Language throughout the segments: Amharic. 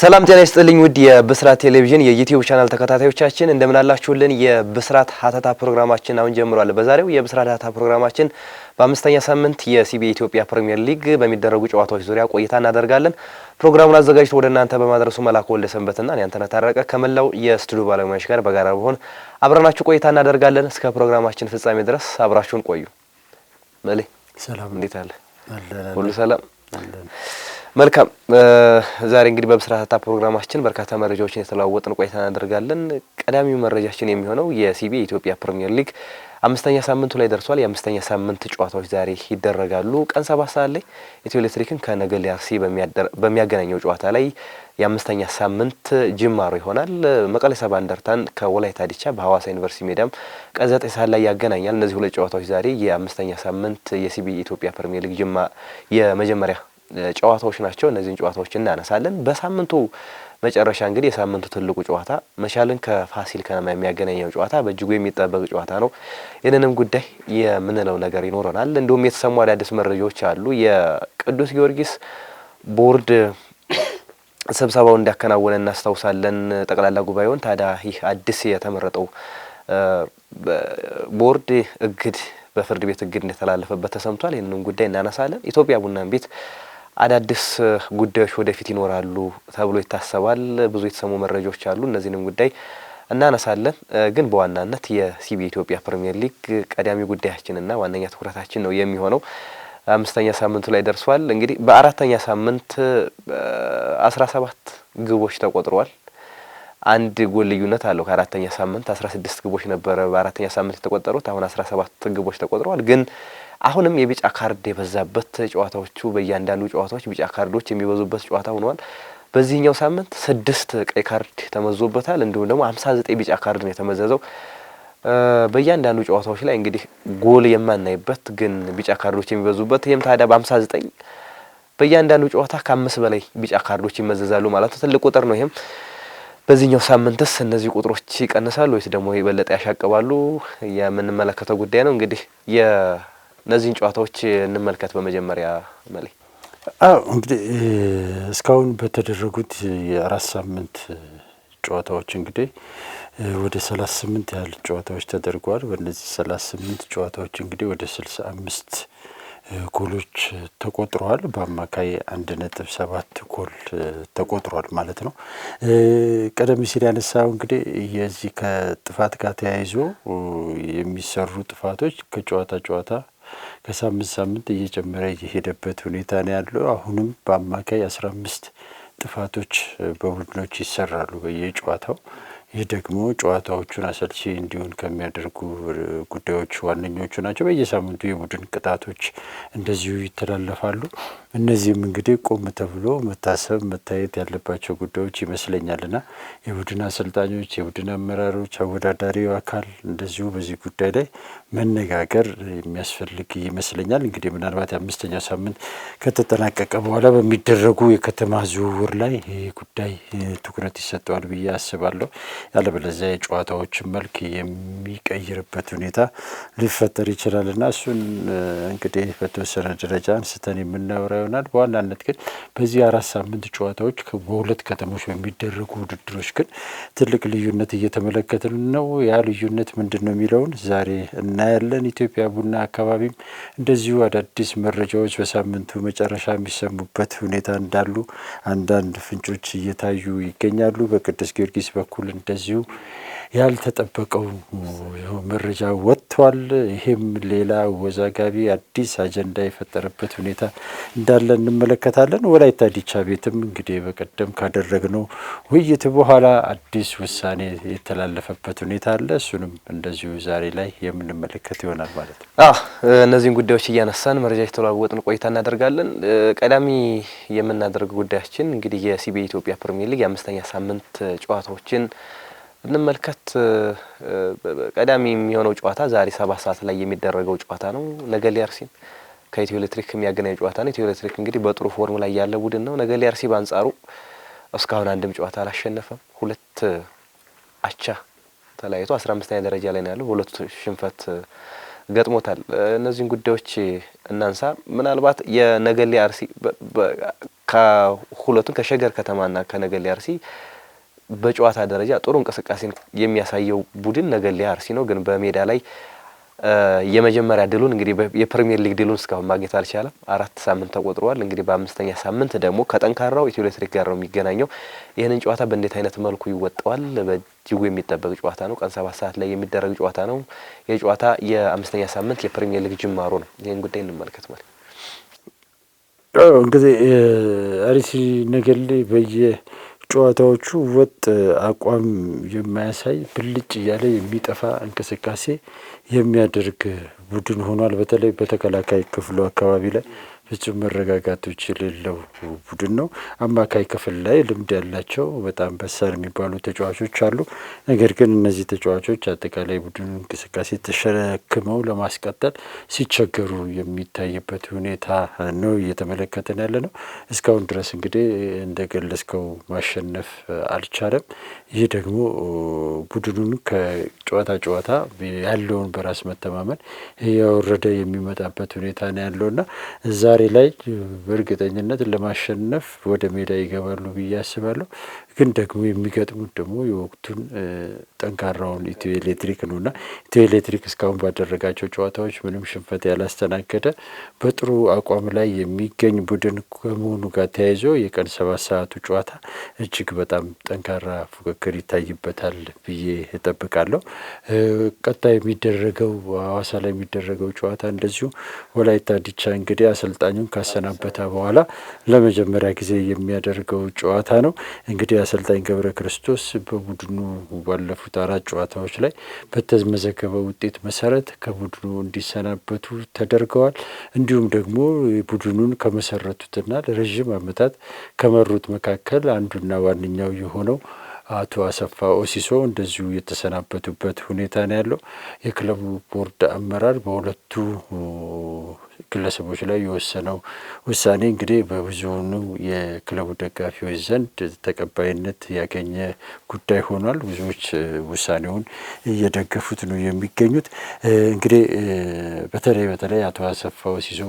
ሰላም ጤና ይስጥልኝ ውድ የብስራት ቴሌቪዥን የዩቲዩብ ቻናል ተከታታዮቻችን እንደምናላችሁልን የብስራት ሀተታ ፕሮግራማችን አሁን ጀምሯል። በዛሬው የብስራት ሀተታ ፕሮግራማችን በአምስተኛ ሳምንት የሲቢ ኢትዮጵያ ፕሪሚየር ሊግ በሚደረጉ ጨዋታዎች ዙሪያ ቆይታ እናደርጋለን። ፕሮግራሙን አዘጋጅቶ ወደ እናንተ በማድረሱ መላኩ ወልደሰንበትና አንተነህ ታረቀ ከመላው የስቱዲዮ ባለሙያዎች ጋር በጋራ በሆን አብረናችሁ ቆይታ እናደርጋለን። እስከ ፕሮግራማችን ፍጻሜ ድረስ አብራችሁን ቆዩ። መሌ ሰላም፣ እንዴት አለ? ሁሉ ሰላም መልካም ዛሬ እንግዲህ በምስራታ ፕሮግራማችን በርካታ መረጃዎችን የተለዋወጥን ቆይታ እናደርጋለን። ቀዳሚው መረጃችን የሚሆነው የሲቢ የኢትዮጵያ ፕሪሚየር ሊግ አምስተኛ ሳምንቱ ላይ ደርሷል። የአምስተኛ ሳምንት ጨዋታዎች ዛሬ ይደረጋሉ። ቀን ሰባት ሰዓት ላይ ኢትዮ ኤሌክትሪክን ከነገሌ አርሲ በሚያገናኘው ጨዋታ ላይ የአምስተኛ ሳምንት ጅማሮ ይሆናል። መቀለ ሰባ እንደርታን ከወላይታ ዲቻ በሐዋሳ ዩኒቨርሲቲ ሜዳም ቀን ዘጠኝ ሰዓት ላይ ያገናኛል። እነዚህ ሁለት ጨዋታዎች ዛሬ የአምስተኛ ሳምንት የሲቢ ኢትዮጵያ ፕሪሚየር ሊግ ጅማ የመጀመሪያ ጨዋታዎች ናቸው። እነዚህን ጨዋታዎች እናነሳለን። በሳምንቱ መጨረሻ እንግዲህ የሳምንቱ ትልቁ ጨዋታ መቻልን ከፋሲል ከነማ የሚያገናኘው ጨዋታ በእጅጉ የሚጠበቅ ጨዋታ ነው። ይህንንም ጉዳይ የምንለው ነገር ይኖረናል። እንዲሁም የተሰሙ አዳዲስ መረጃዎች አሉ። የቅዱስ ጊዮርጊስ ቦርድ ስብሰባው እንዳከናወነ እናስታውሳለን፣ ጠቅላላ ጉባኤውን። ታዲያ ይህ አዲስ የተመረጠው ቦርድ እግድ በፍርድ ቤት እግድ እንደተላለፈበት ተሰምቷል። ይህንንም ጉዳይ እናነሳለን። ኢትዮጵያ ቡናን ቤት አዳዲስ ጉዳዮች ወደፊት ይኖራሉ ተብሎ ይታሰባል። ብዙ የተሰሙ መረጃዎች አሉ። እነዚህንም ጉዳይ እናነሳለን። ግን በዋናነት የሲቢ ኢትዮጵያ ፕሪምየር ሊግ ቀዳሚ ጉዳያችንና ዋነኛ ትኩረታችን ነው የሚሆነው። አምስተኛ ሳምንቱ ላይ ደርሷል። እንግዲህ በአራተኛ ሳምንት አስራ ሰባት ግቦች ተቆጥረዋል። አንድ ጎል ልዩነት አለው ከአራተኛ ሳምንት አስራ ስድስት ግቦች ነበረ በአራተኛ ሳምንት የተቆጠሩት አሁን አስራ ሰባት ግቦች ተቆጥረዋል ግን አሁንም የቢጫ ካርድ የበዛበት ጨዋታዎቹ በእያንዳንዱ ጨዋታዎች ቢጫ ካርዶች የሚበዙበት ጨዋታ ሆነዋል በዚህኛው ሳምንት ስድስት ቀይ ካርድ ተመዞበታል እንዲሁም ደግሞ ሀምሳ ዘጠኝ ቢጫ ካርድ ነው የተመዘዘው በእያንዳንዱ ጨዋታዎች ላይ እንግዲህ ጎል የማናይበት ግን ቢጫ ካርዶች የሚበዙበት ይህም ታዲያ በሀምሳ ዘጠኝ በእያንዳንዱ ጨዋታ ከአምስት በላይ ቢጫ ካርዶች ይመዘዛሉ ማለት ነው ትልቅ ቁጥር ነው ይህም በዚህኛው ሳምንትስ እነዚህ ቁጥሮች ይቀንሳሉ ወይስ ደግሞ የበለጠ ያሻቅባሉ? የምንመለከተው ጉዳይ ነው። እንግዲህ የእነዚህን ጨዋታዎች እንመልከት። በመጀመሪያ መሌ አዎ እንግዲህ እስካሁን በተደረጉት የአራት ሳምንት ጨዋታዎች እንግዲህ ወደ ሰላሳ ስምንት ያህል ጨዋታዎች ተደርጓል። በእነዚህ ሰላሳ ስምንት ጨዋታዎች እንግዲህ ወደ ስልሳ አምስት ጎሎች ተቆጥረዋል። በአማካይ አንድ ነጥብ ሰባት ጎል ተቆጥሯል ማለት ነው። ቀደም ሲል ያነሳው እንግዲህ የዚህ ከጥፋት ጋር ተያይዞ የሚሰሩ ጥፋቶች ከጨዋታ ጨዋታ ከሳምንት ሳምንት እየጨመረ እየሄደበት ሁኔታ ነው ያለው። አሁንም በአማካይ አስራ አምስት ጥፋቶች በቡድኖች ይሰራሉ በየጨዋታው ይህ ደግሞ ጨዋታዎቹን አሰልቺ እንዲሆን ከሚያደርጉ ጉዳዮች ዋነኞቹ ናቸው። በየሳምንቱ የቡድን ቅጣቶች እንደዚሁ ይተላለፋሉ። እነዚህም እንግዲህ ቆም ተብሎ መታሰብ መታየት ያለባቸው ጉዳዮች ይመስለኛልና የቡድን አሰልጣኞች፣ የቡድን አመራሮች፣ አወዳዳሪው አካል እንደዚሁ በዚህ ጉዳይ ላይ መነጋገር የሚያስፈልግ ይመስለኛል። እንግዲህ ምናልባት የአምስተኛው ሳምንት ከተጠናቀቀ በኋላ በሚደረጉ የከተማ ዝውውር ላይ ይህ ጉዳይ ትኩረት ይሰጠዋል ብዬ አስባለሁ። ያለበለዚያ የጨዋታዎችን መልክ የሚቀይርበት ሁኔታ ሊፈጠር ይችላልና እሱን እንግዲህ በተወሰነ ደረጃ አንስተን የምናወራ ይሆናል። በዋናነት ግን በዚህ አራት ሳምንት ጨዋታዎች በሁለት ከተሞች በሚደረጉ ውድድሮች ግን ትልቅ ልዩነት እየተመለከትን ነው። ያ ልዩነት ምንድን ነው የሚለውን ዛሬ እናያለን። ኢትዮጵያ ቡና አካባቢም እንደዚሁ አዳዲስ መረጃዎች በሳምንቱ መጨረሻ የሚሰሙበት ሁኔታ እንዳሉ አንዳንድ ፍንጮች እየታዩ ይገኛሉ። በቅዱስ ጊዮርጊስ በኩል እንደዚሁ ያልተጠበቀው መረጃ ወጥቷል። ይሄም ሌላ ወዛጋቢ አዲስ አጀንዳ የፈጠረበት ሁኔታ እንዳለ እንመለከታለን። ወላይታ ዲቻ ቤትም እንግዲህ በቀደም ካደረግነው ውይይት በኋላ አዲስ ውሳኔ የተላለፈበት ሁኔታ አለ። እሱንም እንደዚሁ ዛሬ ላይ የምንመለከት ይሆናል ማለት ነው። እነዚህን ጉዳዮች እያነሳን መረጃ የተለዋወጥን ቆይታ እናደርጋለን። ቀዳሚ የምናደርግ ጉዳያችን እንግዲህ የሲቢኢ ኢትዮጵያ ፕሪሚየር ሊግ የአምስተኛ ሳምንት ጨዋታዎችን እንመልከት። ቀዳሚ የሚሆነው ጨዋታ ዛሬ ሰባት ሰዓት ላይ የሚደረገው ጨዋታ ነው። ነገሌ አርሲን ከኢትዮ ኤሌክትሪክ የሚያገናኝ ጨዋታ ነው። ኢትዮ ኤሌክትሪክ እንግዲህ በጥሩ ፎርም ላይ ያለ ቡድን ነው። ነገሌ አርሲ በአንጻሩ እስካሁን አንድም ጨዋታ አላሸነፈም። ሁለት አቻ ተለያይቶ አስራ አምስተኛ ደረጃ ላይ ነው ያለው። በሁለቱ ሽንፈት ገጥሞታል። እነዚህን ጉዳዮች እናንሳ። ምናልባት የነገሌ አርሲ ከሁለቱን ከሸገር ከተማና ከነገሌ አርሲ በጨዋታ ደረጃ ጥሩ እንቅስቃሴን የሚያሳየው ቡድን ነገ አርሲ ነው። ግን በሜዳ ላይ የመጀመሪያ ድሉን እንግዲህ የፕሪሚየር ሊግ ድሉን እስካሁን ማግኘት አልቻለም። አራት ሳምንት ተቆጥረዋል። እንግዲህ በአምስተኛ ሳምንት ደግሞ ከጠንካራው ኢትዮ ኤሌክትሪክ ጋር ነው የሚገናኘው። ይህንን ጨዋታ በእንዴት አይነት መልኩ ይወጣዋል? በእጅጉ የሚጠበቅ ጨዋታ ነው። ቀን ሰባት ሰዓት ላይ የሚደረግ ጨዋታ ነው። ይህ ጨዋታ የአምስተኛ ሳምንት የፕሪሚየር ሊግ ጅማሮ ነው። ይህን ጉዳይ እንመልከት ማለት እንግዲህ አርሲ ነገሌ በየ ጨዋታዎቹ ወጥ አቋም የማያሳይ ብልጭ እያለ የሚጠፋ እንቅስቃሴ የሚያደርግ ቡድን ሆኗል። በተለይ በተከላካይ ክፍሉ አካባቢ ላይ ፍጹም መረጋጋቶች የሌለው ቡድን ነው። አማካይ ክፍል ላይ ልምድ ያላቸው በጣም በሳል የሚባሉ ተጫዋቾች አሉ። ነገር ግን እነዚህ ተጫዋቾች አጠቃላይ ቡድኑ እንቅስቃሴ ተሸክመው ለማስቀጠል ሲቸገሩ የሚታይበት ሁኔታ ነው እየተመለከትን ያለ ነው። እስካሁን ድረስ እንግዲህ እንደገለጽከው ማሸነፍ አልቻለም። ይህ ደግሞ ቡድኑን ከጨዋታ ጨዋታ ያለውን በራስ መተማመን እያወረደ የሚመጣበት ሁኔታ ነው ያለውና ዛሬ ላይ በእርግጠኝነት ለማሸነፍ ወደ ሜዳ ይገባሉ ብዬ አስባለሁ። ግን ደግሞ የሚገጥሙት ደግሞ የወቅቱን ጠንካራውን ኢትዮ ኤሌክትሪክ ነው እና ኢትዮ ኤሌክትሪክ እስካሁን ባደረጋቸው ጨዋታዎች ምንም ሽንፈት ያላስተናገደ በጥሩ አቋም ላይ የሚገኝ ቡድን ከመሆኑ ጋር ተያይዞ የቀን ሰባት ሰዓቱ ጨዋታ እጅግ በጣም ጠንካራ ፉክክር ይታይበታል ብዬ እጠብቃለሁ። ቀጣይ የሚደረገው ሐዋሳ ላይ የሚደረገው ጨዋታ እንደዚሁ ወላይታ ዲቻ እንግዲህ አሰልጣኙን ካሰናበታ በኋላ ለመጀመሪያ ጊዜ የሚያደርገው ጨዋታ ነው እንግዲህ አሰልጣኝ ገብረ ክርስቶስ በቡድኑ ባለፉት አራት ጨዋታዎች ላይ በተመዘገበው ውጤት መሰረት ከቡድኑ እንዲሰናበቱ ተደርገዋል። እንዲሁም ደግሞ ቡድኑን ከመሰረቱትና ለረዥም ዓመታት ከመሩት መካከል አንዱና ዋነኛው የሆነው አቶ አሰፋ ኦሲሶ እንደዚሁ የተሰናበቱበት ሁኔታ ነው ያለው። የክለቡ ቦርድ አመራር በሁለቱ ግለሰቦች ላይ የወሰነው ውሳኔ እንግዲህ በብዙኑ የክለቡ ደጋፊዎች ዘንድ ተቀባይነት ያገኘ ጉዳይ ሆኗል። ብዙዎች ውሳኔውን እየደገፉት ነው የሚገኙት። እንግዲህ በተለይ በተለይ አቶ አሰፋው ሲሶ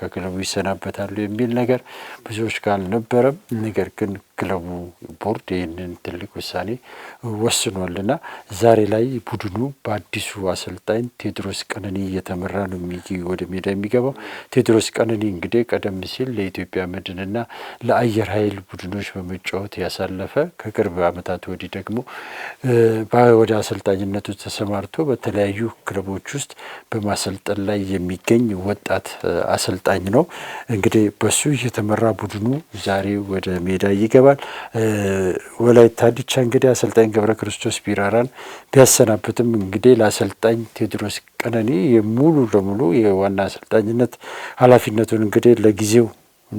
ከክለቡ ይሰናበታሉ የሚል ነገር ብዙዎች ጋር አልነበረም። ነገር ግን ክለቡ ቦርድ ይህንን ትልቅ ውሳኔ ወስኗልና ዛሬ ላይ ቡድኑ በአዲሱ አሰልጣኝ ቴድሮስ ቀነኒ እየተመራ ነው ወደ ሜዳ የሚገባው። ቴድሮስ ቀነኒ እንግዲህ ቀደም ሲል ለኢትዮጵያ መድንና ለአየር ኃይል ቡድኖች በመጫወት ያሳለፈ ከቅርብ ዓመታት ወዲህ ደግሞ ወደ አሰልጣኝነቱ ተሰማርቶ በተለያዩ ክለቦች ውስጥ በማሰልጠን ላይ የሚገኝ ወጣት አሰልጣኝ ነው። እንግዲህ በሱ የተመራ ቡድኑ ዛሬ ወደ ሜዳ ይገባል። ወላይታ ዲቻ እንግዲህ አሰልጣኝ ገብረ ክርስቶስ ቢራራን ቢያሰናብትም እንግዲህ ለአሰልጣኝ ቴድሮስ ቀነኒ ሙሉ ለሙሉ የዋና አሰልጣኝነት ኃላፊነቱን እንግዲህ ለጊዜው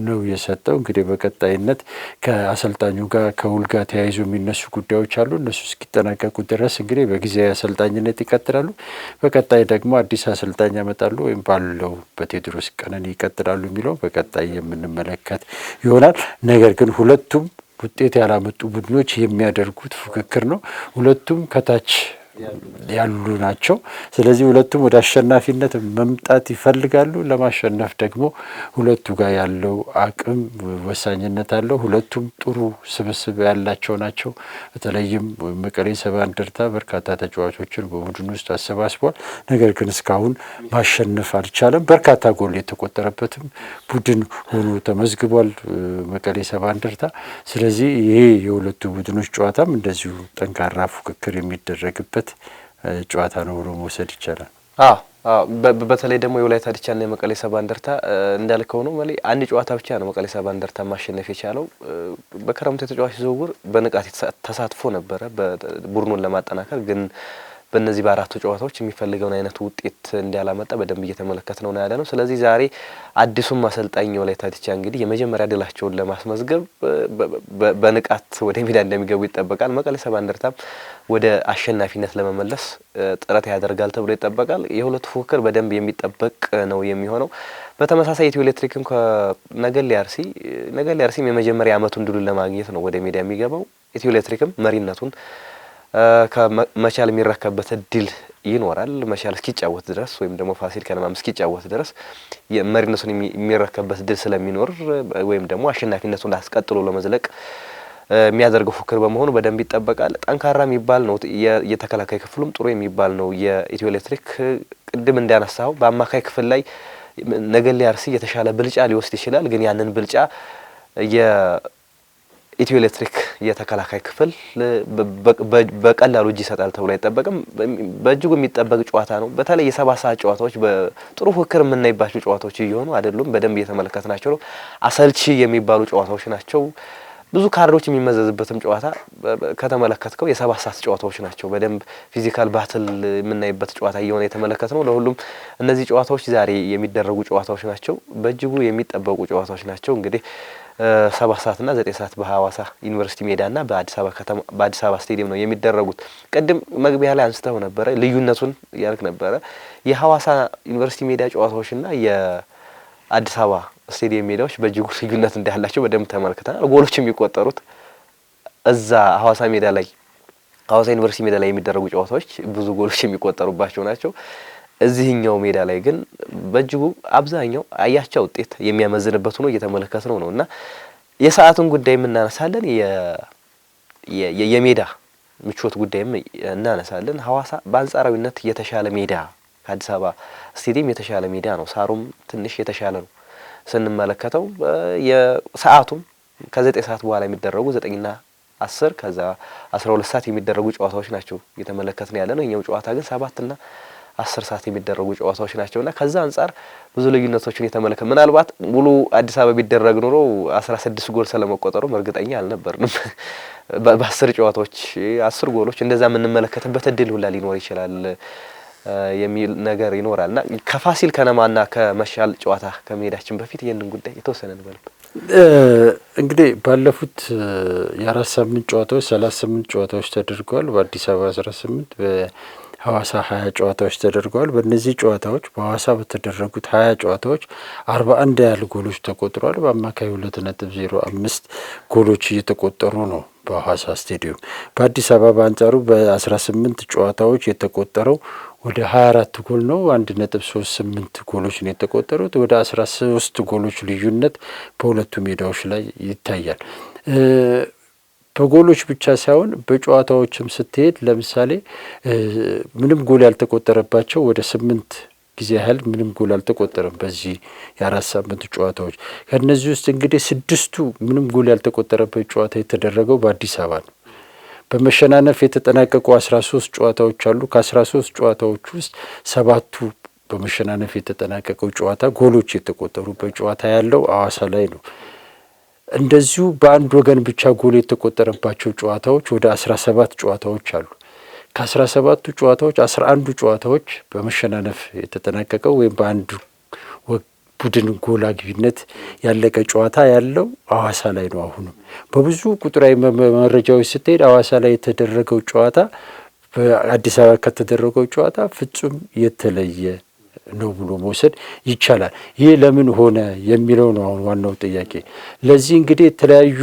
ነው የሰጠው። እንግዲህ በቀጣይነት ከአሰልጣኙ ጋር ከውል ጋር ተያይዞ የሚነሱ ጉዳዮች አሉ። እነሱ እስኪጠናቀቁ ድረስ እንግዲህ በጊዜያዊ አሰልጣኝነት ይቀጥላሉ። በቀጣይ ደግሞ አዲስ አሰልጣኝ ያመጣሉ ወይም ባለው በቴድሮስ ቀነኒ ይቀጥላሉ የሚለው በቀጣይ የምንመለከት ይሆናል። ነገር ግን ሁለቱም ውጤት ያላመጡ ቡድኖች የሚያደርጉት ፉክክር ነው። ሁለቱም ከታች ያሉ ናቸው። ስለዚህ ሁለቱም ወደ አሸናፊነት መምጣት ይፈልጋሉ። ለማሸነፍ ደግሞ ሁለቱ ጋር ያለው አቅም ወሳኝነት አለው። ሁለቱም ጥሩ ስብስብ ያላቸው ናቸው። በተለይም መቀሌ ሰባ እንደርታ በርካታ ተጫዋቾችን በቡድን ውስጥ አሰባስቧል። ነገር ግን እስካሁን ማሸነፍ አልቻለም። በርካታ ጎል የተቆጠረበትም ቡድን ሆኖ ተመዝግቧል መቀሌ ሰባ እንደርታ። ስለዚህ ይሄ የሁለቱ ቡድኖች ጨዋታም እንደዚሁ ጠንካራ ፉክክር የሚደረግበት ያለበት ጨዋታ ነው ብሎ መውሰድ ይቻላል። በተለይ ደግሞ የወላይታ ድቻና የመቀሌ ሰባ እንደርታ እንዳልከው ነው መ አንድ ጨዋታ ብቻ ነው መቀሌ ሰባ እንደርታ ማሸነፍ የቻለው። በክረምቱ የተጫዋች ዝውውር በንቃት ተሳትፎ ነበረ ቡድኑን ለማጠናከር ግን በእነዚህ በአራቱ ጨዋታዎች የሚፈልገውን አይነት ውጤት እንዲያላመጣ በደንብ እየተመለከት ነው ያለ ነው። ስለዚህ ዛሬ አዲሱም አሰልጣኝ ወላይታ ዲቻ እንግዲህ የመጀመሪያ ድላቸውን ለማስመዝገብ በንቃት ወደ ሜዳ እንደሚገቡ ይጠበቃል። መቀሌ ሰባ እንደርታም ወደ አሸናፊነት ለመመለስ ጥረት ያደርጋል ተብሎ ይጠበቃል። የሁለቱ ፉክክር በደንብ የሚጠበቅ ነው የሚሆነው። በተመሳሳይ ኢትዮ ኤሌክትሪክም ከነገሌ አርሲ ነገሌ አርሲም የመጀመሪያ አመቱን ድሉን ለማግኘት ነው ወደ ሜዳ የሚገባው። ኢትዮ ኤሌክትሪክም መሪነቱን ከመቻል የሚረከበት እድል ይኖራል። መቻል እስኪጫወት ድረስ ወይም ደግሞ ፋሲል ከነማም እስኪጫወት ድረስ መሪነቱን የሚረከበት እድል ስለሚኖር ወይም ደግሞ አሸናፊነቱን አስቀጥሎ ለመዝለቅ የሚያደርገው ፉክክር በመሆኑ በደንብ ይጠበቃል። ጠንካራ የሚባል ነው። የተከላካይ ክፍሉም ጥሩ የሚባል ነው። የኢትዮ ኤሌክትሪክ ቅድም እንዳነሳው በአማካይ ክፍል ላይ ነገሌ አርሲ የተሻለ ብልጫ ሊወስድ ይችላል። ግን ያንን ብልጫ ኢትዮ ኤሌክትሪክ የተከላካይ ክፍል በቀላሉ እጅ ይሰጣል ተብሎ አይጠበቅም። በእጅጉ የሚጠበቅ ጨዋታ ነው። በተለይ የሰባት ሰዓት ጨዋታዎች በጥሩ ፉክክር የምናይባቸው ጨዋታዎች እየሆኑ አይደሉም። በደንብ እየተመለከት ናቸው ነው። አሰልቺ የሚባሉ ጨዋታዎች ናቸው። ብዙ ካርዶች የሚመዘዝበትም ጨዋታ ከተመለከትከው የሰባት ሰዓት ጨዋታዎች ናቸው። በደንብ ፊዚካል ባትል የምናይበት ጨዋታ እየሆነ የተመለከት ነው። ለሁሉም እነዚህ ጨዋታዎች ዛሬ የሚደረጉ ጨዋታዎች ናቸው። በእጅጉ የሚጠበቁ ጨዋታዎች ናቸው እንግዲህ ሰባት ሰዓትና ዘጠኝ ሰዓት በሀዋሳ ዩኒቨርሲቲ ሜዳና በአዲስ አበባ ከተማ በአዲስ አበባ ስቴዲየም ነው የሚደረጉት። ቅድም መግቢያ ላይ አንስተው ነበረ ልዩነቱን ያልክ ነበረ። የሀዋሳ ዩኒቨርሲቲ ሜዳ ና የአዲስ አበባ ስቴዲየም ሜዳዎች በእጅጉ ልዩነት እንዳላቸው በደንብ ተመልክተናል። ጎሎች የሚቆጠሩት እዛ ሀዋሳ ሜዳ ላይ ሀዋሳ ዩኒቨርሲቲ ሜዳ ላይ የሚደረጉ ጨዋታዎች ብዙ ጎሎች የሚቆጠሩባቸው ናቸው። እዚህኛው ሜዳ ላይ ግን በእጅጉ አብዛኛው አያቻ ውጤት የሚያመዝንበት ሆኖ እየተመለከት ነው ነው እና የሰዓቱን ጉዳይ እናነሳለን፣ የሜዳ ምቾት ጉዳይም እናነሳለን። ሐዋሳ በአንጻራዊነት የተሻለ ሜዳ ከአዲስ አበባ ስቴዲየም የተሻለ ሜዳ ነው። ሳሩም ትንሽ የተሻለ ነው ስንመለከተው የሰዓቱም ከዘጠኝ ሰዓት በኋላ የሚደረጉ ዘጠኝና አስር ከዛ አስራ ሁለት ሰዓት የሚደረጉ ጨዋታዎች ናቸው ነው ያለ ነው። የኛው ጨዋታ ግን ሰባትና አስር ሰዓት የሚደረጉ ጨዋታዎች ናቸውና ከዛ አንጻር ብዙ ልዩነቶችን የተመለከ ምናልባት ሙሉ አዲስ አበባ ቢደረግ ኑሮ አስራ ስድስት ጎል ስለመቆጠሩም እርግጠኛ አልነበርንም። በአስር ጨዋታዎች አስር ጎሎች እንደዛ የምንመለከትበት እድል ሁላ ሊኖር ይችላል የሚል ነገር ይኖራል እና ከፋሲል ከነማና ከመቻል ጨዋታ ከመሄዳችን በፊት ይህንን ጉዳይ የተወሰነ እንበልብ። እንግዲህ ባለፉት የአራት ሳምንት ጨዋታዎች ሰላሳ ስምንት ጨዋታዎች ተደርገዋል። በአዲስ አበባ አስራ ስምንት ሐዋሳ ሀያ ጨዋታዎች ተደርገዋል። በእነዚህ ጨዋታዎች በሐዋሳ በተደረጉት ሀያ ጨዋታዎች አርባ አንድ ያህል ጎሎች ተቆጥሯል በአማካይ ሁለት ነጥብ ዜሮ አምስት ጎሎች እየተቆጠሩ ነው በሐዋሳ ስቴዲየም። በአዲስ አበባ በአንጻሩ በአስራ ስምንት ጨዋታዎች የተቆጠረው ወደ 24 ጎል ነው። ስምንት ጎሎች ነው የተቆጠሩት። ወደ ሶስት ጎሎች ልዩነት በሁለቱ ሜዳዎች ላይ ይታያል። በጎሎች ብቻ ሳይሆን በጨዋታዎችም ስትሄድ ለምሳሌ ምንም ጎል ያልተቆጠረባቸው ወደ ስምንት ጊዜ ያህል ምንም ጎል አልተቆጠረም በዚህ የአራት ሳምንት ጨዋታዎች። ከእነዚህ ውስጥ እንግዲህ ስድስቱ ምንም ጎል ያልተቆጠረበት ጨዋታ የተደረገው በአዲስ አበባ ነው። በመሸናነፍ የተጠናቀቁ አስራ ሶስት ጨዋታዎች አሉ። ከአስራ ሶስት ጨዋታዎች ውስጥ ሰባቱ በመሸናነፍ የተጠናቀቀው ጨዋታ ጎሎች የተቆጠሩበት ጨዋታ ያለው አዋሳ ላይ ነው። እንደዚሁ በአንድ ወገን ብቻ ጎል የተቆጠረባቸው ጨዋታዎች ወደ 17 ጨዋታዎች አሉ። ከ17ቱ ጨዋታዎች 11ዱ ጨዋታዎች በመሸናነፍ የተጠናቀቀው ወይም በአንድ ቡድን ጎል አግቢነት ያለቀ ጨዋታ ያለው አዋሳ ላይ ነው። አሁንም በብዙ ቁጥራዊ መረጃዎች ስትሄድ አዋሳ ላይ የተደረገው ጨዋታ በአዲስ አበባ ከተደረገው ጨዋታ ፍጹም የተለየ ነው ብሎ መውሰድ ይቻላል። ይህ ለምን ሆነ የሚለው ነው አሁን ዋናው ጥያቄ። ለዚህ እንግዲህ የተለያዩ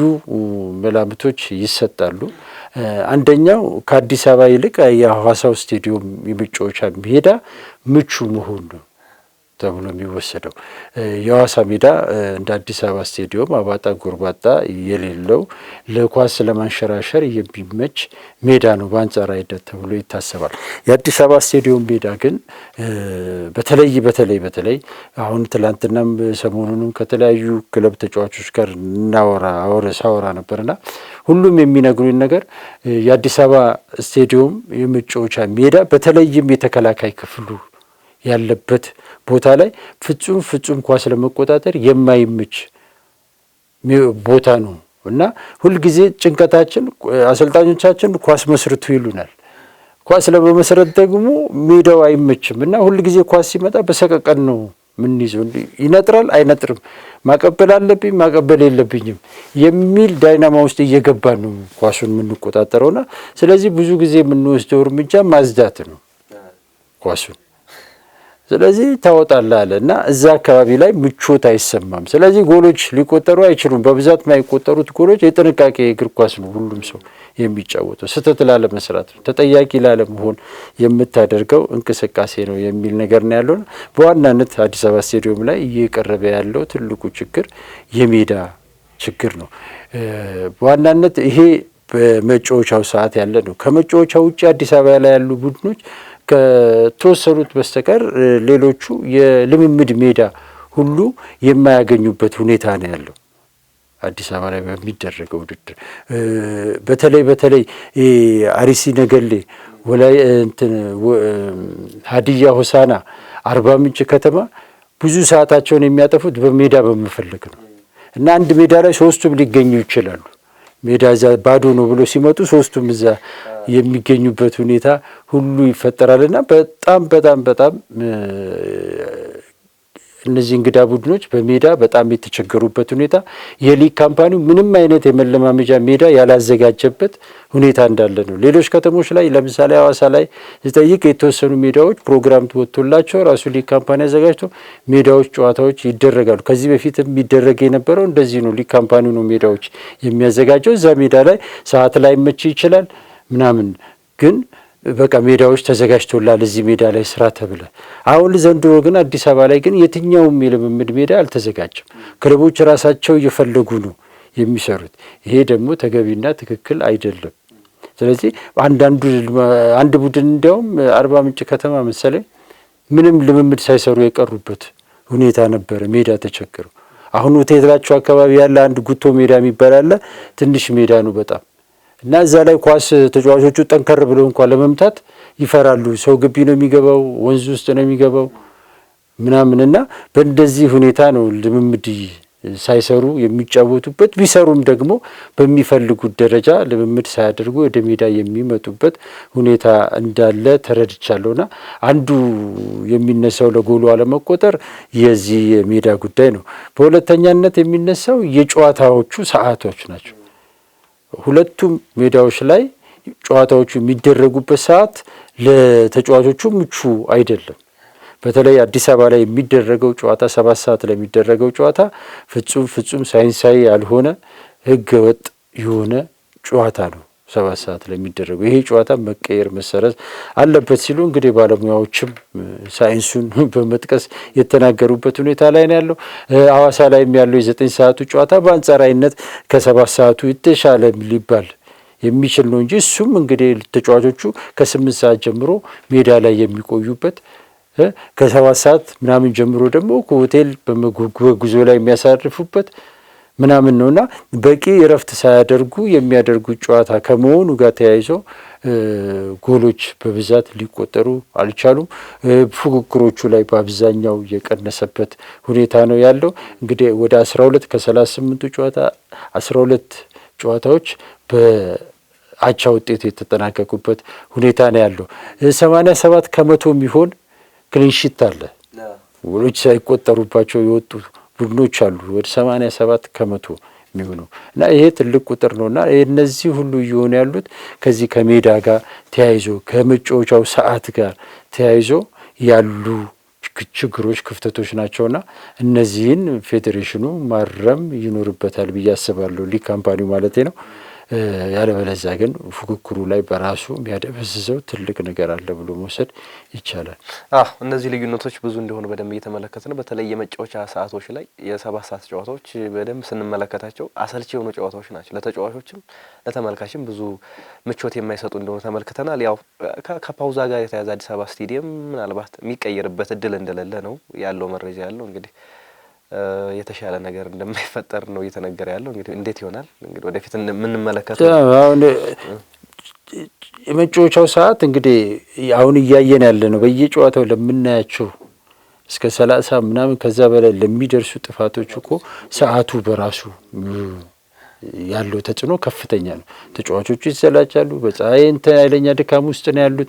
መላምቶች ይሰጣሉ። አንደኛው ከአዲስ አበባ ይልቅ የሐዋሳው ስቴዲዮም የመጫወቻ ሜዳ ምቹ መሆን ነው። ተብሎ የሚወሰደው የሐዋሳ ሜዳ እንደ አዲስ አበባ ስቴዲዮም አባጣ ጎርባጣ የሌለው ለኳስ ለማንሸራሸር የሚመች ሜዳ ነው በአንጻር አይደት ተብሎ ይታሰባል። የአዲስ አበባ ስቴዲዮም ሜዳ ግን በተለይ በተለይ በተለይ አሁን ትላንትናም ሰሞኑንም ከተለያዩ ክለብ ተጫዋቾች ጋር እናወራ አወረ ሳወራ ነበርና ሁሉም የሚነግሩኝ ነገር የአዲስ አበባ ስቴዲዮም የመጫወቻ ሜዳ በተለይም የተከላካይ ክፍሉ ያለበት ቦታ ላይ ፍጹም ፍጹም ኳስ ለመቆጣጠር የማይመች ቦታ ነው እና ሁልጊዜ ጭንቀታችን አሰልጣኞቻችን ኳስ መስርቱ ይሉናል። ኳስ ለመመስረት ደግሞ ሜዳው አይመችም እና ሁልጊዜ ኳስ ሲመጣ በሰቀቀን ነው ምንይዘው ይነጥራል አይነጥርም፣ ማቀበል አለብኝ ማቀበል የለብኝም የሚል ዳይናማ ውስጥ እየገባ ነው ኳሱን የምንቆጣጠረውና፣ ስለዚህ ብዙ ጊዜ የምንወስደው እርምጃ ማዝዳት ነው ኳሱን ስለዚህ ታወጣልህ አለ እና እዛ አካባቢ ላይ ምቾት አይሰማም። ስለዚህ ጎሎች ሊቆጠሩ አይችሉም። በብዛት የማይቆጠሩት ጎሎች የጥንቃቄ እግር ኳስ ነው። ሁሉም ሰው የሚጫወተው ስህተት ላለመስራት ነው፣ ተጠያቂ ላለመሆን የምታደርገው እንቅስቃሴ ነው የሚል ነገር ነው ያለው። በዋናነት አዲስ አበባ ስቴዲየም ላይ እየቀረበ ያለው ትልቁ ችግር የሜዳ ችግር ነው። በዋናነት ይሄ በመጫወቻው ሰዓት ያለ ነው። ከመጫወቻው ውጭ አዲስ አበባ ላይ ያሉ ቡድኖች ከተወሰኑት በስተቀር ሌሎቹ የልምምድ ሜዳ ሁሉ የማያገኙበት ሁኔታ ነው ያለው። አዲስ አበባ ላይ በሚደረገው ውድድር በተለይ በተለይ አሪሲ ነገሌ፣ ወላይ እንትን ሀዲያ ሆሳና፣ አርባ ምንጭ ከተማ ብዙ ሰዓታቸውን የሚያጠፉት በሜዳ በመፈለግ ነው እና አንድ ሜዳ ላይ ሶስቱም ሊገኙ ይችላሉ። ሜዳ እዛ ባዶ ነው ብሎ ሲመጡ ሶስቱም እዛ የሚገኙበት ሁኔታ ሁሉ ይፈጠራልና በጣም በጣም በጣም እነዚህ እንግዳ ቡድኖች በሜዳ በጣም የተቸገሩበት ሁኔታ የሊግ ካምፓኒው ምንም አይነት የመለማመጃ ሜዳ ያላዘጋጀበት ሁኔታ እንዳለ ነው። ሌሎች ከተሞች ላይ ለምሳሌ ሐዋሳ ላይ ስጠይቅ የተወሰኑ ሜዳዎች ፕሮግራም ወጥቶላቸው ራሱ ሊግ ካምፓኒ አዘጋጅቶ ሜዳዎች፣ ጨዋታዎች ይደረጋሉ። ከዚህ በፊት የሚደረግ የነበረው እንደዚህ ነው። ሊግ ካምፓኒው ነው ሜዳዎች የሚያዘጋጀው። እዛ ሜዳ ላይ ሰዓት ላይ መቼ ይችላል ምናምን ግን በቃ ሜዳዎች ተዘጋጅቶላል እዚህ ሜዳ ላይ ስራ ተብለ። አሁን ዘንድሮ ግን አዲስ አበባ ላይ ግን የትኛውም የልምምድ ሜዳ አልተዘጋጀም። ክለቦች ራሳቸው እየፈለጉ ነው የሚሰሩት። ይሄ ደግሞ ተገቢና ትክክል አይደለም። ስለዚህ አንዳንዱ አንድ ቡድን እንዲያውም አርባ ምንጭ ከተማ መሰለኝ ምንም ልምምድ ሳይሰሩ የቀሩበት ሁኔታ ነበረ። ሜዳ ተቸግረው አሁን ሆቴላቸው አካባቢ ያለ አንድ ጉቶ ሜዳ የሚባል አለ። ትንሽ ሜዳ ነው በጣም እና እዛ ላይ ኳስ ተጫዋቾቹ ጠንከር ብለው እንኳን ለመምታት ይፈራሉ። ሰው ግቢ ነው የሚገባው፣ ወንዝ ውስጥ ነው የሚገባው ምናምን እና በእንደዚህ ሁኔታ ነው ልምምድ ሳይሰሩ የሚጫወቱበት፣ ቢሰሩም ደግሞ በሚፈልጉት ደረጃ ልምምድ ሳያደርጉ ወደ ሜዳ የሚመጡበት ሁኔታ እንዳለ ተረድቻለሁና አንዱ የሚነሳው ለጎሉ አለመቆጠር የዚህ የሜዳ ጉዳይ ነው። በሁለተኛነት የሚነሳው የጨዋታዎቹ ሰዓቶች ናቸው። ሁለቱም ሜዳዎች ላይ ጨዋታዎቹ የሚደረጉበት ሰዓት ለተጫዋቾቹ ምቹ አይደለም። በተለይ አዲስ አበባ ላይ የሚደረገው ጨዋታ ሰባት ሰዓት ላይ የሚደረገው ጨዋታ ፍጹም ፍጹም ሳይንሳዊ ያልሆነ ህገወጥ ወጥ የሆነ ጨዋታ ነው። ሰባት ሰዓት ላይ የሚደረገው ይሄ ጨዋታ መቀየር መሰረዝ አለበት ሲሉ እንግዲህ ባለሙያዎችም ሳይንሱን በመጥቀስ የተናገሩበት ሁኔታ ላይ ነው ያለው። አዋሳ ላይም ያለው የዘጠኝ ሰዓቱ ጨዋታ በአንጻራዊነት ከሰባት ሰዓቱ የተሻለ ሊባል የሚችል ነው እንጂ እሱም እንግዲህ ተጫዋቾቹ ከስምንት ሰዓት ጀምሮ ሜዳ ላይ የሚቆዩበት ከሰባት ሰዓት ምናምን ጀምሮ ደግሞ ከሆቴል በጉዞ ላይ የሚያሳርፉበት ምናምን ነው እና በቂ እረፍት ሳያደርጉ የሚያደርጉት ጨዋታ ከመሆኑ ጋር ተያይዞ ጎሎች በብዛት ሊቆጠሩ አልቻሉም። ፉክክሮቹ ላይ በአብዛኛው የቀነሰበት ሁኔታ ነው ያለው። እንግዲህ ወደ አስራ ሁለት ከሰላሳ ስምንቱ ጨዋታ አስራ ሁለት ጨዋታዎች በአቻ ውጤት የተጠናቀቁበት ሁኔታ ነው ያለው። ሰማንያ ሰባት ከመቶ የሚሆን ክሊንሺት አለ ጎሎች ሳይቆጠሩባቸው የወጡ ቡድኖች አሉ ወደ 87 ከመቶ የሚሆኑ እና ይሄ ትልቅ ቁጥር ነው እና እነዚህ ሁሉ እየሆኑ ያሉት ከዚህ ከሜዳ ጋር ተያይዞ ከመጫወቻው ሰዓት ጋር ተያይዞ ያሉ ችግሮች፣ ክፍተቶች ናቸውና እነዚህን ፌዴሬሽኑ ማረም ይኖርበታል ብዬ አስባለሁ። ሊግ ካምፓኒው ማለት ነው። ያለበለዚያ ግን ፉክክሩ ላይ በራሱ የሚያደበዝዘው ትልቅ ነገር አለ ብሎ መውሰድ ይቻላል። አዎ እነዚህ ልዩነቶች ብዙ እንደሆኑ በደንብ እየተመለከት ነው። በተለይ የመጫወቻ ሰዓቶች ላይ የሰባት ሰዓት ጨዋታዎች በደንብ ስንመለከታቸው አሰልቺ የሆኑ ጨዋታዎች ናቸው። ለተጫዋቾችም ለተመልካችም ብዙ ምቾት የማይሰጡ እንደሆኑ ተመልክተናል። ያው ከፓውዛ ጋር የተያዘ አዲስ አበባ ስቴዲየም ምናልባት የሚቀየርበት እድል እንደሌለ ነው ያለው መረጃ ያለው እንግዲህ የተሻለ ነገር እንደማይፈጠር ነው እየተነገረ ያለው። እንግዲህ እንዴት ይሆናል እንግዲህ ወደፊት የምንመለከተው የመጫወቻው ሰዓት እንግዲህ አሁን እያየን ያለ ነው። በየጨዋታው ለምናያቸው እስከ ሰላሳ ምናምን ከዛ በላይ ለሚደርሱ ጥፋቶች እኮ ሰዓቱ በራሱ ያለው ተጽዕኖ ከፍተኛ ነው። ተጫዋቾቹ ይሰላቻሉ። በፀሐይ እንትን ኃይለኛ ድካም ውስጥ ነው ያሉት፣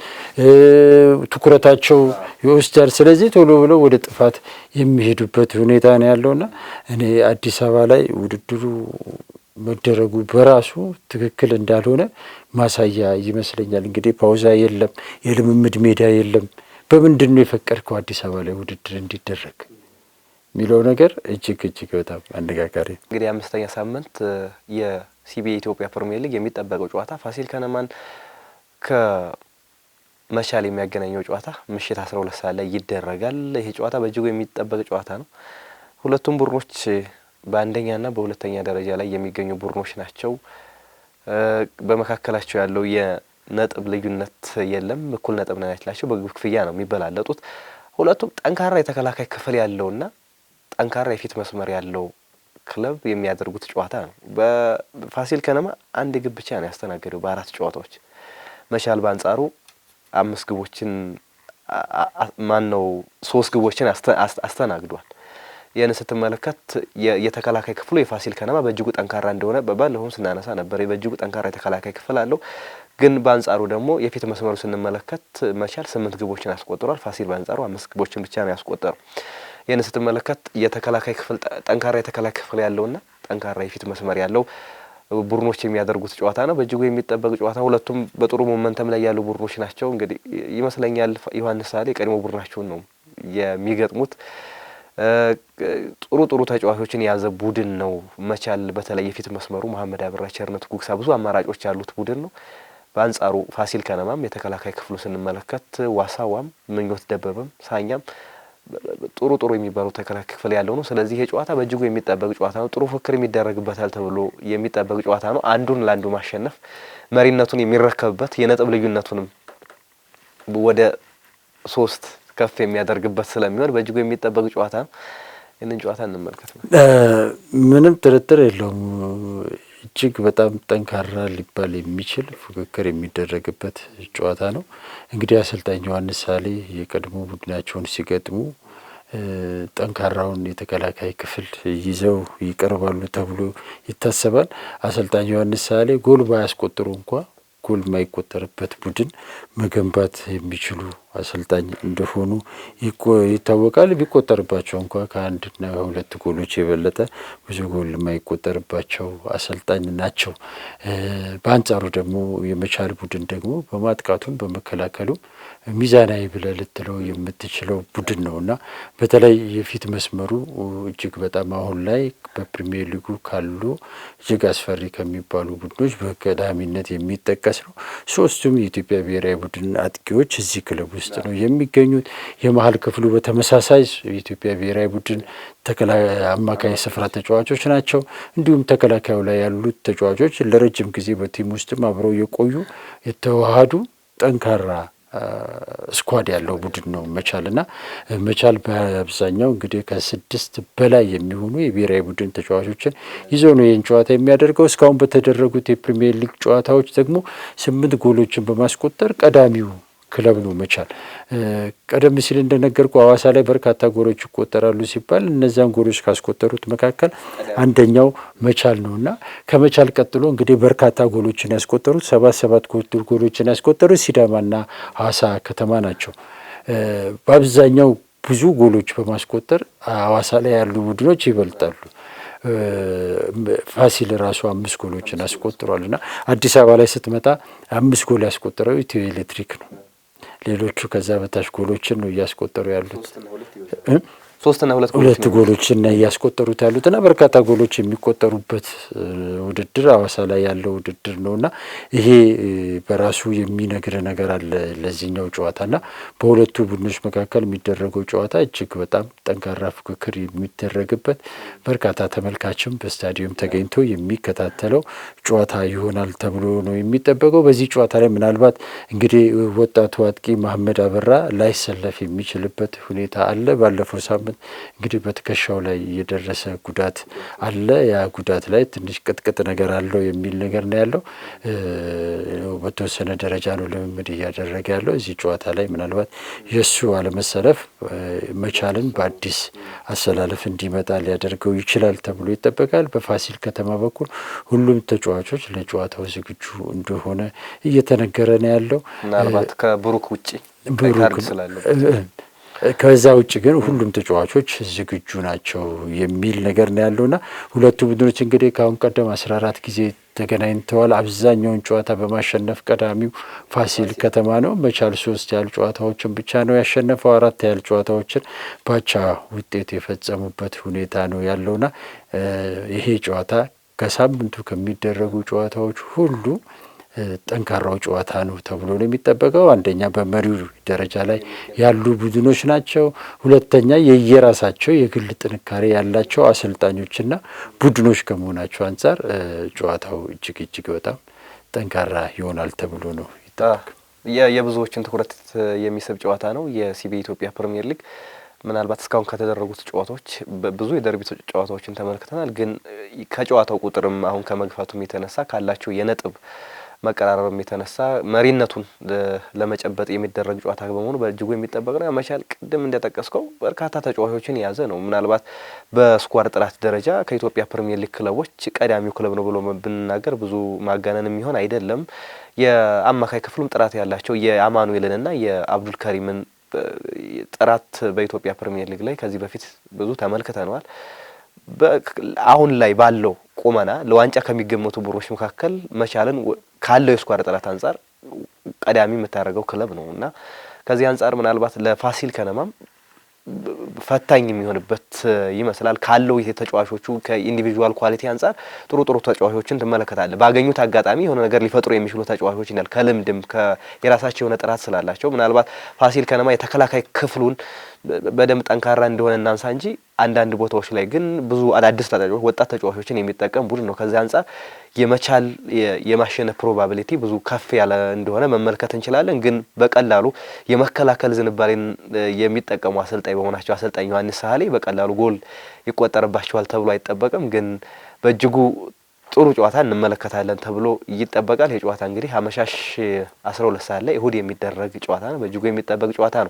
ትኩረታቸው ይወስዳል። ስለዚህ ቶሎ ብለው ወደ ጥፋት የሚሄዱበት ሁኔታ ነው ያለውና እኔ አዲስ አበባ ላይ ውድድሩ መደረጉ በራሱ ትክክል እንዳልሆነ ማሳያ ይመስለኛል። እንግዲህ ፓውዛ የለም፣ የልምምድ ሜዳ የለም። በምንድን ነው የፈቀድከው አዲስ አበባ ላይ ውድድር እንዲደረግ? የሚለው ነገር እጅግ እጅግ በጣም አነጋጋሪ እንግዲህ አምስተኛ ሳምንት የሲቢኤ ኢትዮጵያ ፕሪሚየር ሊግ የሚጠበቀው ጨዋታ ፋሲል ከነማን ከመቻል የሚያገናኘው ጨዋታ ምሽት አስራ ሁለት ሰዓት ላይ ይደረጋል። ይሄ ጨዋታ በእጅጉ የሚጠበቅ ጨዋታ ነው። ሁለቱም ቡድኖች በአንደኛና በሁለተኛ ደረጃ ላይ የሚገኙ ቡድኖች ናቸው። በመካከላቸው ያለው የነጥብ ልዩነት የለም። እኩል ነጥብ ነው ያላቸው። በግብ ክፍያ ነው የሚበላለጡት። ሁለቱም ጠንካራ የተከላካይ ክፍል ያለውና ጠንካራ የፊት መስመር ያለው ክለብ የሚያደርጉት ጨዋታ ነው። በፋሲል ከነማ አንድ ግብ ብቻ ነው ያስተናገደው በአራት ጨዋታዎች። መቻል በአንጻሩ አምስት ግቦችን ማን ነው ሶስት ግቦችን አስተናግዷል። ይህን ስትመለከት የተከላካይ ክፍሉ የፋሲል ከነማ በእጅጉ ጠንካራ እንደሆነ ባለፈውም ስናነሳ ነበር። በእጅጉ ጠንካራ የተከላካይ ክፍል አለው። ግን በአንጻሩ ደግሞ የፊት መስመሩ ስንመለከት መቻል ስምንት ግቦችን አስቆጥሯል። ፋሲል በአንጻሩ አምስት ግቦችን ብቻ ነው ያስቆጠረው። ይህን ስትመለከት የተከላካይ ክፍል ጠንካራ የተከላካይ ክፍል ያለውና ጠንካራ የፊት መስመር ያለው ቡድኖች የሚያደርጉት ጨዋታ ነው። በእጅጉ የሚጠበቅ ጨዋታ። ሁለቱም በጥሩ ሞመንተም ላይ ያሉ ቡድኖች ናቸው። እንግዲህ ይመስለኛል ዮሐንስ ሳሌ የቀድሞ ቡድናቸውን ነው የሚገጥሙት። ጥሩ ጥሩ ተጫዋቾችን የያዘ ቡድን ነው መቻል። በተለይ የፊት መስመሩ መሀመድ አብራ፣ ቸርነት ጉግሳ ብዙ አማራጮች ያሉት ቡድን ነው። በአንጻሩ ፋሲል ከነማም የተከላካይ ክፍሉ ስንመለከት ዋሳዋም፣ ምኞት ደበበም፣ ሳኛም ጥሩ ጥሩ የሚባሉ ተከላካይ ክፍል ያለው ነው። ስለዚህ ይሄ ጨዋታ በእጅጉ የሚጠበቅ ጨዋታ ነው። ጥሩ ፍክር የሚደረግበታል ተብሎ የሚጠበቅ ጨዋታ ነው። አንዱን ለአንዱ ማሸነፍ መሪነቱን የሚረከብበት የነጥብ ልዩነቱንም ወደ ሶስት ከፍ የሚያደርግበት ስለሚሆን በእጅጉ የሚጠበቅ ጨዋታ ነው። ይህንን ጨዋታ እንመልከት ነው። ምንም ጥርጥር የለውም። እጅግ በጣም ጠንካራ ሊባል የሚችል ፉክክር የሚደረግበት ጨዋታ ነው። እንግዲህ አሰልጣኝ ዮሐንስ ሳሌ የቀድሞ ቡድናቸውን ሲገጥሙ ጠንካራውን የተከላካይ ክፍል ይዘው ይቀርባሉ ተብሎ ይታሰባል። አሰልጣኝ ዮሐንስ ሳሌ ጎል ባያስቆጥሩ እንኳ ጎል የማይቆጠርበት ቡድን መገንባት የሚችሉ አሰልጣኝ እንደሆኑ ይታወቃል። ቢቆጠርባቸው እንኳ ከአንድና ሁለት ጎሎች የበለጠ ብዙ ጎል የማይቆጠርባቸው አሰልጣኝ ናቸው። በአንጻሩ ደግሞ የመቻል ቡድን ደግሞ በማጥቃቱም በመከላከሉም ሚዛናዊ ብለህ ልትለው የምትችለው ቡድን ነው እና በተለይ የፊት መስመሩ እጅግ በጣም አሁን ላይ በፕሪሚየር ሊጉ ካሉ እጅግ አስፈሪ ከሚባሉ ቡድኖች በቀዳሚነት የሚጠቀስ ነው። ሶስቱም የኢትዮጵያ ብሔራዊ ቡድን አጥቂዎች እዚህ ክለቡ ውስጥ ነው የሚገኙት። የመሀል ክፍሉ በተመሳሳይ የኢትዮጵያ ብሔራዊ ቡድን አማካይ ስፍራ ተጫዋቾች ናቸው። እንዲሁም ተከላካዩ ላይ ያሉት ተጫዋቾች ለረጅም ጊዜ በቲም ውስጥም አብረው የቆዩ የተዋሃዱ ጠንካራ ስኳድ ያለው ቡድን ነው መቻል እና መቻል በአብዛኛው እንግዲህ ከስድስት በላይ የሚሆኑ የብሔራዊ ቡድን ተጫዋቾችን ይዞ ነው ይህን ጨዋታ የሚያደርገው። እስካሁን በተደረጉት የፕሪሚየር ሊግ ጨዋታዎች ደግሞ ስምንት ጎሎችን በማስቆጠር ቀዳሚው ክለብ ነው መቻል። ቀደም ሲል እንደነገርኩ ሐዋሳ ላይ በርካታ ጎሎች ይቆጠራሉ ሲባል እነዚያን ጎሎች ካስቆጠሩት መካከል አንደኛው መቻል ነው እና ከመቻል ቀጥሎ እንግዲህ በርካታ ጎሎችን ያስቆጠሩት ሰባት ሰባት ጎሎችን ያስቆጠሩት ሲዳማና ሐዋሳ ከተማ ናቸው። በአብዛኛው ብዙ ጎሎች በማስቆጠር ሐዋሳ ላይ ያሉ ቡድኖች ይበልጣሉ። ፋሲል ራሱ አምስት ጎሎችን አስቆጥሯል እና አዲስ አበባ ላይ ስትመጣ አምስት ጎል ያስቆጠረው ኢትዮ ኤሌክትሪክ ነው። ሌሎቹ ከዛ በታች ጎሎችን ነው እያስቆጠሩ ያሉት። ሶስትና ሁለት ሁለት ጎሎችን እያስቆጠሩት ያሉትና በርካታ ጎሎች የሚቆጠሩበት ውድድር አዋሳ ላይ ያለው ውድድር እና ይሄ በራሱ የሚነግር ነገር አለ ለዚህኛው ጨዋታና በሁለቱ ቡድኖች መካከል የሚደረገው ጨዋታ እጅግ በጣም ጠንካራ ፉክክር የሚደረግበት በርካታ ተመልካችም በስታዲየም ተገኝቶ የሚከታተለው ጨዋታ ይሆናል ተብሎ ነው የሚጠበቀው። በዚህ ጨዋታ ላይ ምናልባት እንግዲህ ወጣቱ አጥቂ መሐመድ አበራ ላይሰለፍ የሚችልበት ሁኔታ አለ ባለፈው ሳምንት ማለት እንግዲህ በትከሻው ላይ የደረሰ ጉዳት አለ። ያ ጉዳት ላይ ትንሽ ቅጥቅጥ ነገር አለው የሚል ነገር ነው ያለው። በተወሰነ ደረጃ ነው ልምምድ እያደረገ ያለው። እዚህ ጨዋታ ላይ ምናልባት የእሱ አለመሰለፍ መቻልን በአዲስ አሰላለፍ እንዲመጣ ሊያደርገው ይችላል ተብሎ ይጠበቃል። በፋሲል ከተማ በኩል ሁሉም ተጫዋቾች ለጨዋታው ዝግጁ እንደሆነ እየተነገረ ነው ያለው ምናልባት ከብሩክ ውጭ ብሩክ ከዛ ውጭ ግን ሁሉም ተጫዋቾች ዝግጁ ናቸው የሚል ነገር ነው ያለውና ሁለቱ ቡድኖች እንግዲህ ከአሁን ቀደም አስራ አራት ጊዜ ተገናኝተዋል። አብዛኛውን ጨዋታ በማሸነፍ ቀዳሚው ፋሲል ከተማ ነው። መቻል ሶስት ያህል ጨዋታዎችን ብቻ ነው ያሸነፈው። አራት ያህል ጨዋታዎችን ባቻ ውጤት የፈጸሙበት ሁኔታ ነው ያለውና ይሄ ጨዋታ ከሳምንቱ ከሚደረጉ ጨዋታዎች ሁሉ ጠንካራው ጨዋታ ነው ተብሎ ነው የሚጠበቀው። አንደኛ በመሪው ደረጃ ላይ ያሉ ቡድኖች ናቸው። ሁለተኛ የየራሳቸው የግል ጥንካሬ ያላቸው አሰልጣኞችና ቡድኖች ከመሆናቸው አንጻር ጨዋታው እጅግ እጅግ በጣም ጠንካራ ይሆናል ተብሎ ነው ይጠበቃል። የብዙዎችን ትኩረት የሚስብ ጨዋታ ነው የሲቢ ኢትዮጵያ ፕሪሚየር ሊግ ምናልባት እስካሁን ከተደረጉት ጨዋታዎች ብዙ የደርቢ ጨዋታዎችን ተመልክተናል። ግን ከጨዋታው ቁጥርም አሁን ከመግፋቱም የተነሳ ካላቸው የነጥብ መቀራረብም የተነሳ መሪነቱን ለመጨበጥ የሚደረግ ጨዋታ በመሆኑ በእጅጉ የሚጠበቅ ነው። መቻል ቅድም እንደጠቀስከው በርካታ ተጫዋቾችን የያዘ ነው። ምናልባት በስኳድ ጥራት ደረጃ ከኢትዮጵያ ፕሪሚየር ሊግ ክለቦች ቀዳሚው ክለብ ነው ብሎ ብንናገር ብዙ ማጋነን የሚሆን አይደለም። የአማካይ ክፍሉም ጥራት ያላቸው የአማኑኤልንና የአብዱል ከሪምን ጥራት በኢትዮጵያ ፕሪሚየር ሊግ ላይ ከዚህ በፊት ብዙ ተመልክተነዋል። አሁን ላይ ባለው ቁመና ለዋንጫ ከሚገመቱ ቡድኖች መካከል መቻልን ካለው የስኳር ጥራት አንጻር ቀዳሚ የምታደርገው ክለብ ነው እና ከዚህ አንጻር ምናልባት ለፋሲል ከነማም ፈታኝ የሚሆንበት ይመስላል። ካለው የተጫዋቾቹ ከኢንዲቪዥዋል ኳሊቲ አንጻር ጥሩ ጥሩ ተጫዋቾችን ትመለከታለ። ባገኙት አጋጣሚ የሆነ ነገር ሊፈጥሩ የሚችሉ ተጫዋቾች ይናል ከልምድም የራሳቸው የሆነ ጥራት ስላላቸው ምናልባት ፋሲል ከነማ የተከላካይ ክፍሉን በደንብ ጠንካራ እንደሆነ እናንሳ እንጂ አንዳንድ ቦታዎች ላይ ግን ብዙ አዳዲስ ተጫዋቾች ወጣት ተጫዋቾችን የሚጠቀም ቡድን ነው። ከዚህ አንጻር የመቻል የማሸነፍ ፕሮባቢሊቲ ብዙ ከፍ ያለ እንደሆነ መመልከት እንችላለን። ግን በቀላሉ የመከላከል ዝንባሌን የሚጠቀሙ አሰልጣኝ በመሆናቸው አሰልጣኝ ዮሐንስ ሳህሌ በቀላሉ ጎል ይቆጠርባቸዋል ተብሎ አይጠበቅም። ግን በእጅጉ ጥሩ ጨዋታ እንመለከታለን ተብሎ ይጠበቃል። የጨዋታ እንግዲህ አመሻሽ 12 ሰዓት ላይ እሁድ የሚደረግ ጨዋታ ነው። በእጅጉ የሚጠበቅ ጨዋታ ነው።